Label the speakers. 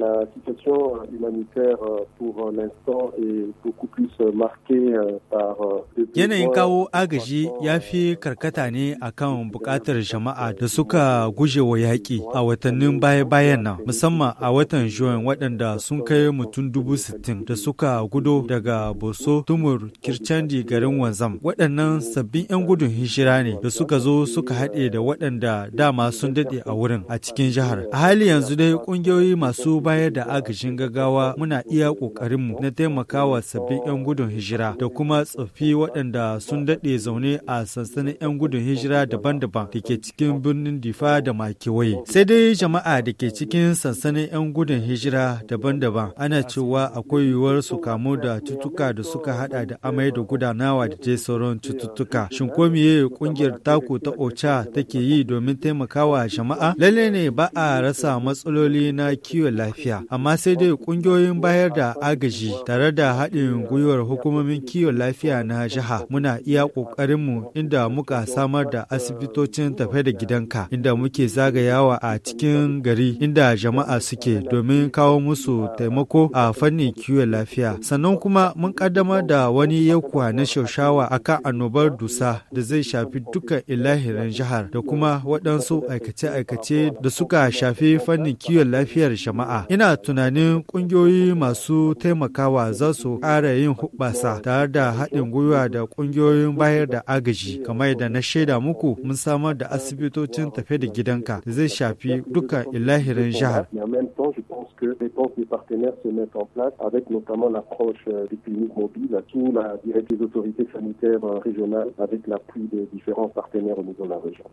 Speaker 1: la situation euh, humanitaire euh, pour euh, l'instant est beaucoup plus marquée par Yanayin kawo
Speaker 2: agaji ya fi karkata ne a kan bukatar jama'a da suka guje wa yaƙi a watannin baya-bayan nan, musamman a watan Juin waɗanda sun kai mutum dubu sittin da suka gudo daga Boso, Tumur, kirchandi garin Wanzam. Waɗannan sabbin 'yan gudun hijira ne da suka zo suka haɗe da waɗanda dama sun daɗe a wurin a cikin jihar. A hali yanzu dai ƙungiyoyi masu bayar da agajin gaggawa muna iya ƙoƙarinmu na taimakawa sabbin 'yan gudun hijira da kuma tsoffi waɗanda sun daɗe zaune a sansanin 'yan gudun hijira daban-daban da ke cikin birnin Difa da Makewaye. Sai dai jama'a da ke cikin sansanin 'yan gudun hijira daban-daban ana cewa akwai yiwuwar su kamu da cutuka da suka hada da amai da gudanawa da dai sauran cututtuka. Shin ko meye kungiyar taku ta OCHA take yi domin taimakawa jama'a? Lalle ne ba a rasa matsaloli na kiwon lafiya. lafiya, amma sai dai ƙungiyoyin bayar da agaji tare da haɗin gwiwar hukumomin kiwon lafiya na jiha muna iya ƙoƙarinmu inda muka samar da asibitocin tafe da gidanka inda muke zagayawa a cikin gari inda jama'a suke domin kawo musu taimako a fannin kiwon lafiya. Sannan kuma mun ƙaddamar da wani yakuwa na shaushawa akan annobar dusa da zai shafi duka ilahirin jihar da kuma waɗansu aikace-aikace da suka shafi fannin kiwon lafiyar jama'a En même temps, je pense que
Speaker 1: les partenaires se mettent en da avec notamment l'approche euh, des cliniques mobiles sous la des autorités sanitaires euh, régionales avec l'appui des différents partenaires au niveau de la région.